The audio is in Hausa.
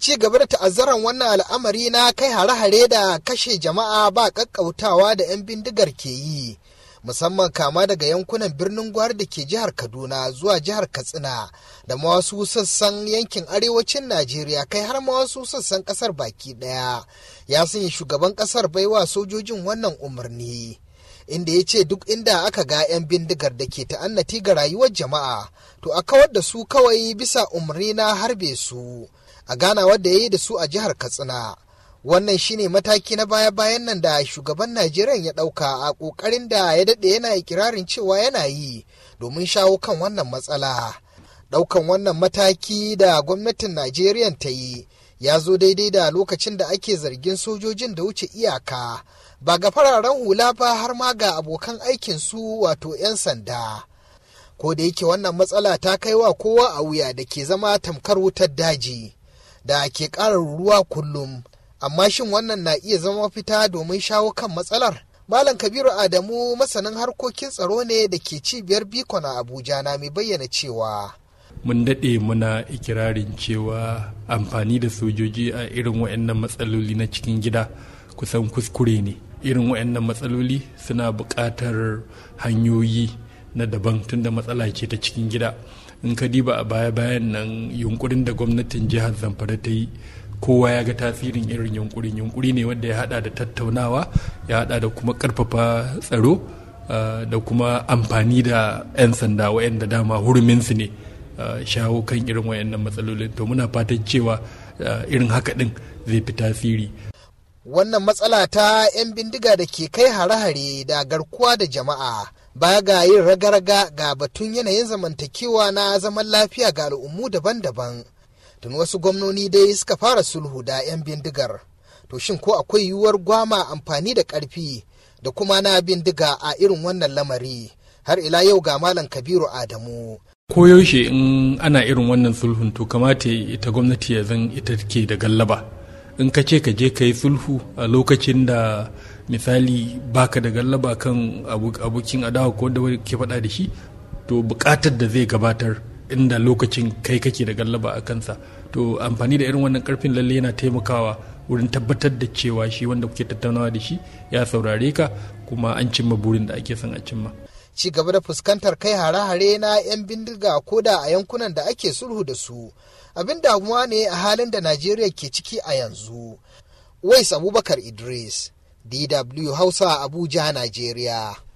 ci gaba da ta'azzaran wannan al'amari na kai hare-hare da kashe jama'a ba kakkautawa da 'yan bindigar ke yi musamman kama daga yankunan birnin gwari da ke jihar kaduna zuwa jihar katsina da masu sassan yankin arewacin najeriya kai har ma wasu sassan kasar baki daya ya sanya shugaban kasar baiwa sojojin wannan umarni inda ya ce duk inda aka ga 'yan bindigar da ke ta'annati ga rayuwar jama'a to a kawar da su kawai bisa umarni na harbe su a Ghana wadda ya yi da su a jihar Katsina. Wannan shine mataki na baya-bayan nan da shugaban Najeriya ya ɗauka a ƙoƙarin da ya daɗe yana ikirarin cewa yana yi domin shawo kan wannan matsala. Ɗaukan wannan mataki da gwamnatin Najeriya ta yi ya zo daidai da lokacin da ake zargin sojojin da wuce iyaka ba ga fararen hula ba har ma ga abokan aikin su wato 'yan sanda. ko da yake wannan matsala ta kai wa kowa a wuya da ke zama tamkar wutar daji da ke ƙara ruwa kullum amma shin wannan na iya zama fita domin shawo kan matsalar malam kabiru adamu masanin harkokin tsaro ne da ke cibiyar bikon a abuja na mai bayyana cewa mun daɗe muna ikirarin cewa amfani da sojoji a irin waɗannan matsaloli na cikin gida kusan kuskure ne irin waɗannan matsaloli suna buƙatar hanyoyi na daban tunda matsala ce ta cikin gida in ka diba a baya bayan nan yunkurin da gwamnatin jihar zamfara ta yi kowa ya ga tasirin irin yunkurin yunkuri ne wanda ya hada da tattaunawa ya hada da kuma karfafa tsaro ah, da kuma amfani da 'yan sanda wayanda dama huruminsu ne ah, shawo kan irin wayannan matsalolin to muna fatan cewa ah, irin haka din zai fi tasiri wannan matsala ta 'yan bindiga da ke kai hare-hare da garkuwa da jama'a baya ga yin raga ga batun yanayin zamantakewa na zaman lafiya ga al'ummu daban-daban tun wasu gwamnoni dai suka fara sulhu da 'yan bindigar to shin ko akwai yiwuwar gwama amfani da ƙarfi da kuma na bindiga a irin wannan lamari har ila yau ga malam kabiru adamu koyaushe in ana irin wannan sulhun to kamata ita gwamnati ya zan ita ke da gallaba in ka ce ka je ka yi sulhu a lokacin da misali baka da gallaba kan abokin adawa ko da ke faɗa da shi to buƙatar da zai gabatar inda lokacin kai kake da gallaba a kansa to amfani da irin wannan karfin lalle yana taimakawa wurin tabbatar da cewa shi wanda kuke tattaunawa da shi ya saurare ka kuma an cimma burin da ake son a cimma ci gaba da fuskantar kai hare-hare na 'yan bindiga ko da a yankunan da ake sulhu da su abin damuwa ne a halin da najeriya ke ciki a yanzu wais abubakar idris DW Hausa Abuja, Najeriya.